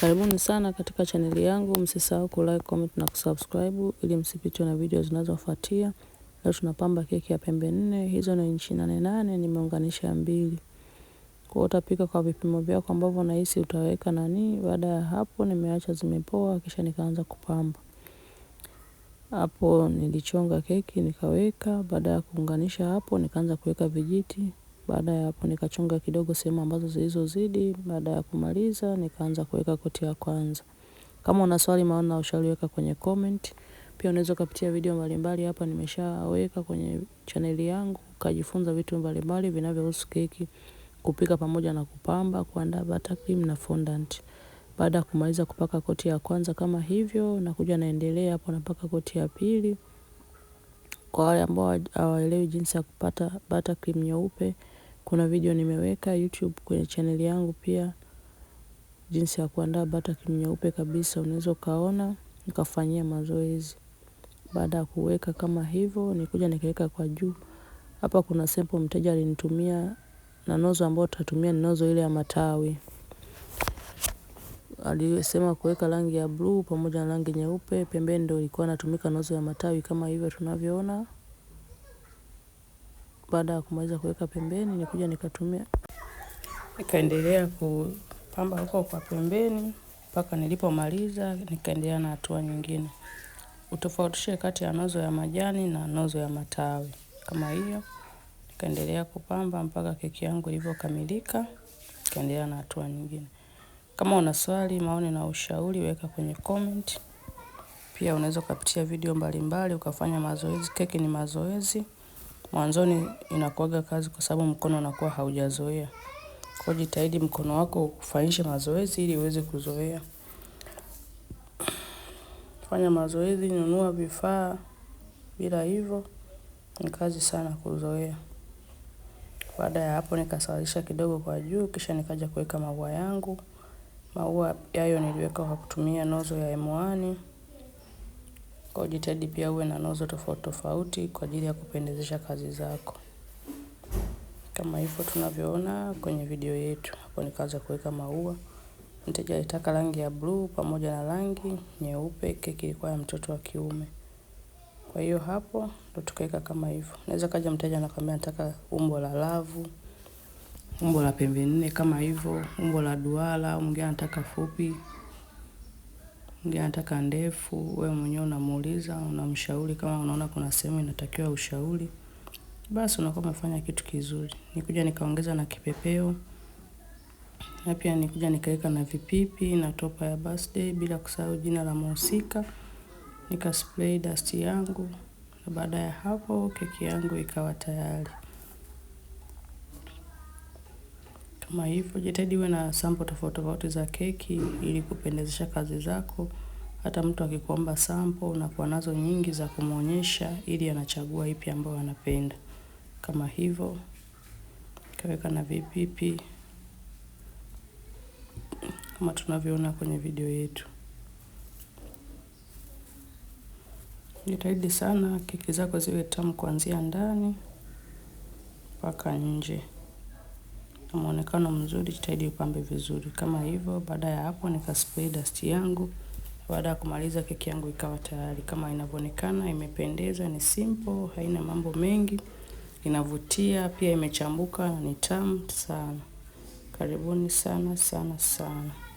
Karibuni sana katika chaneli yangu, msisahau like, comment na kusubscribe ili msipitwe na video zinazofuatia. Leo tunapamba keki ya pembe nne, hizo ni inchi nane nane, nimeunganisha mbili. Kwa utapika kwa vipimo vyako ambavyo unahisi utaweka nani. Baada ya hapo, nimeacha zimepoa, kisha nikaanza kupamba. Hapo nilichonga keki nikaweka. Baada ya kuunganisha hapo, nikaanza kuweka vijiti baada ya hapo nikachonga kidogo sehemu ambazo zilizozidi. Baada ya kumaliza nikaanza kuweka koti ya kwanza. Kama una swali maana ushaliweka kwenye comment. Pia unaweza kupitia video mbalimbali hapa nimeshaweka kwenye chaneli yangu. Ukajifunza vitu mbalimbali vinavyohusu keki kupika pamoja na kupamba, kuandaa butter cream na fondant. Baada ya kumaliza kupaka koti ya kwanza kama hivyo, nakuja naendelea hapo napaka koti ya pili. Kwa wale ambao hawaelewi jinsi ya kupata butter cream nyeupe, kuna video nimeweka YouTube kwenye channel yangu pia jinsi ya kuandaa bata kinyeupe kabisa unaweza ukaona nikafanyia mazoezi. Baada ya kuweka kama hivyo, nikuja nikaweka kwa juu. Hapa kuna sample mteja alinitumia na nozo ambayo tutatumia ni nozo ile ya matawi. Alisema kuweka rangi ya bluu pamoja na rangi nyeupe pembeni ndio ilikuwa inatumika nozo ya matawi kama hivyo tunavyoona baada ya kumaliza kuweka pembeni nikuja nikatumia nikaendelea kupamba huko kwa pembeni mpaka nilipomaliza nikaendelea na hatua nyingine. Utofautishe kati ya nozo ya majani na nozo ya matawi. Kama hiyo nikaendelea kupamba mpaka keki yangu ilivyokamilika, nikaendelea na hatua nyingine. Kama una swali, maoni na ushauri, weka kwenye comment. Pia unaweza ukapitia video mbalimbali mbali, ukafanya mazoezi. Keki ni mazoezi. Mwanzoni inakuwaga kazi kwa sababu mkono unakuwa haujazoea. Kwa jitahidi mkono wako ufanyishe mazoezi ili uweze kuzoea. Fanya mazoezi nunua vifaa bila hivyo ni kazi sana kuzoea. Baada ya hapo nikasawazisha kidogo kwa juu, kisha nikaja kuweka maua yangu. Maua yayo niliweka kwa kutumia nozo ya M1. Kwa jitahidi pia uwe na nozo tofauti tofauti kwa ajili ya kupendezesha kazi zako. Kama hivyo tunavyoona kwenye video yetu. Hapo ni kazi ya kuweka maua. Mteja alitaka rangi ya bluu pamoja na rangi nyeupe keki ilikuwa ya mtoto wa kiume. Kwa hiyo hapo ndo tukaweka kama hivyo. Naweza kaja mteja anakwambia nataka umbo la lavu, umbo la pembe nne kama hivyo, umbo la duara, mwingine anataka fupi. Mwingine anataka ndefu, wewe mwenyewe unamuuliza, unamshauri kama unaona kuna sehemu inatakiwa ushauri. Basi unakuwa umefanya kitu kizuri. Nikuja nikaongeza na kipepeo. Na pia nikuja nikaweka na vipipi na topa ya birthday bila kusahau jina la mhusika. Nika spray dust yangu. Na baada ya hapo keki yangu ikawa tayari. kama hivyo, jitahidi uwe na sample tofauti tofauti za keki ili kupendezesha kazi zako. Hata mtu akikuomba sample unakuwa nazo nyingi za kumwonyesha ili anachagua ipi ambayo anapenda. Kama hivyo, kaweka na vipipi kama tunavyoona kwenye video yetu. Jitahidi sana keki zako ziwe tamu kuanzia ndani mpaka nje mwonekano mzuri jitahidi upambe vizuri. Kama hivyo baada ya hapo nikaspray dust yangu, baada ya kumaliza keki yangu ikawa tayari. Kama inavyoonekana, imependeza, ni simple, haina mambo mengi, inavutia, pia imechambuka, ni tamu sana. Karibuni sana sana sana.